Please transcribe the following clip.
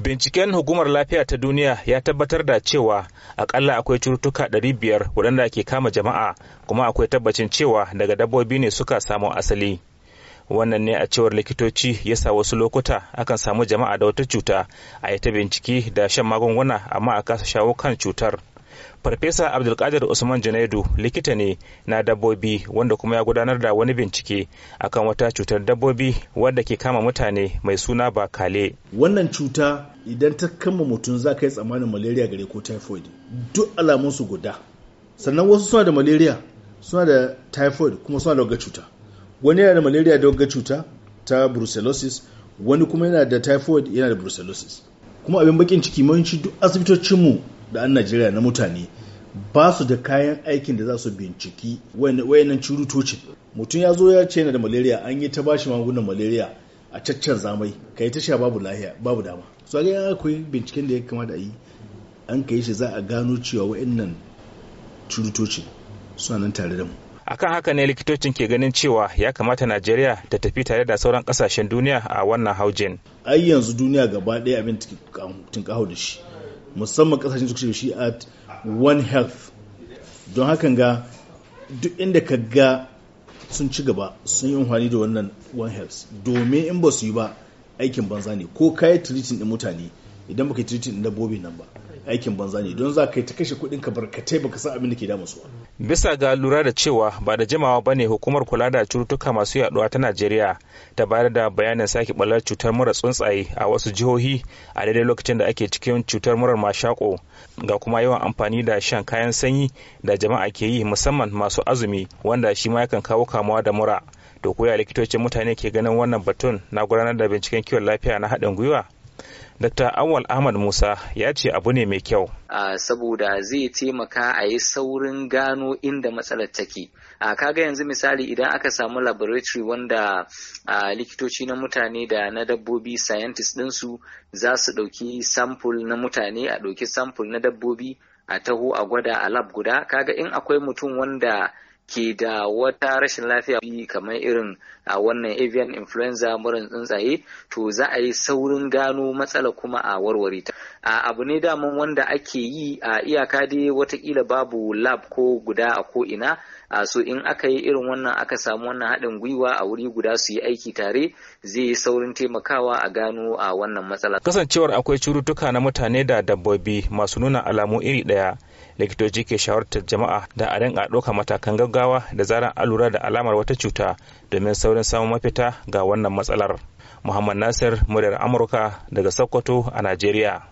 Binciken hukumar lafiya ta duniya ya tabbatar da cewa akalla akwai cututtuka 500 waɗanda ke kama jama'a kuma akwai tabbacin cewa daga dabbobi ne suka samu asali. Wannan ne a cewar likitoci ya sa wasu lokuta akan samu jama'a da wata cuta a yi ta bincike da shan magunguna amma a kasa shawo kan cutar. farfesa abdulkadir usman janaidu likita ne na dabbobi wanda kuma ya gudanar da wani bincike akan wata cutar dabbobi wadda ke kama mutane mai suna bakale wannan cuta idan ta kama mutum za ka yi tsammanin malaria gare ko typhoid duk alamunsu guda sannan wasu suna da malaria suna da typhoid kuma suna da cuta wani yana da malaria da wagga cuta ta brucellosis wani kuma yana da typhoid yana da brucellosis kuma abin bakin ciki mawanci duk asibitocinmu da an najeriya na mutane ba su da kayan aikin da za su binciki wayannan curutoci mutum ya zo ya ce yana da malaria an yi ta bashi magungunan malaria a caccan zamai ka yi tasha babu lahiya babu dama su a ya akwai binciken da ya kamata a yi an ka yi shi za a gano cewa wayannan curutoci suna nan tare da mu akan haka ne likitocin ke ganin cewa ya kamata najeriya ta tafi tare da sauran kasashen duniya a wannan haujin ai yanzu duniya gaba daya abin tinkaho da shi musamman kasashen suka ce shi at one health don hakan ga duk inda ka ga sun ci gaba sun yi amfani da wannan one health domin in ba su yi ba aikin banza ne ko kayan tilitin din mutane idan baka na dabbobin nan ba aikin banza ne don za ka yi ta kashe kuɗin ka barkatai baka san abin da ke damu su bisa ga lura da cewa ba da jimawa ba ne hukumar kula da cututtuka masu yaduwa ta najeriya ta bayar da bayanin sake ɓallar cutar mura tsuntsaye a wasu jihohi a daidai lokacin da ake cikin cutar murar mashako ga kuma yawan amfani da shan kayan sanyi da jama'a ke yi musamman masu azumi wanda shi ma yakan kawo kamuwa da mura to koya likitocin mutane ke ganin wannan batun na gudanar da binciken kiwon lafiya na haɗin gwiwa Dr. Awal Ahmad Musa ya ce abu ne mai kyau. saboda zai taimaka a yi saurin gano inda matsalar take. Uh, kaga yanzu misali idan aka samu laboratory wanda likitoci na mutane da na dabbobi scientist ɗinsu za su ɗauki sample na mutane a ɗauki sample na dabbobi a taho a gwada a lab guda kaga in akwai mutum wanda ke da wata rashin lafiya kamar irin a wannan avian influenza murin tsuntsaye to za a yi saurin gano matsala kuma a warware ta a abu ne daman wanda ake yi a iyaka dai watakila babu lab ko guda a ko ina a so in aka yi irin wannan aka samu wannan haɗin gwiwa a wuri guda su yi aiki tare zai yi saurin taimakawa a gano a wannan matsala kasancewar akwai cututtuka na mutane da dabbobi masu nuna alamu iri ɗaya likitoci ke shawartar jama'a da a rinka ɗauka matakan gaggawa gaggawa da zaran an lura da alamar wata cuta domin saurin samun mafita ga wannan matsalar. Muhammad Nasir, muryar Amurka daga Sokoto a Najeriya.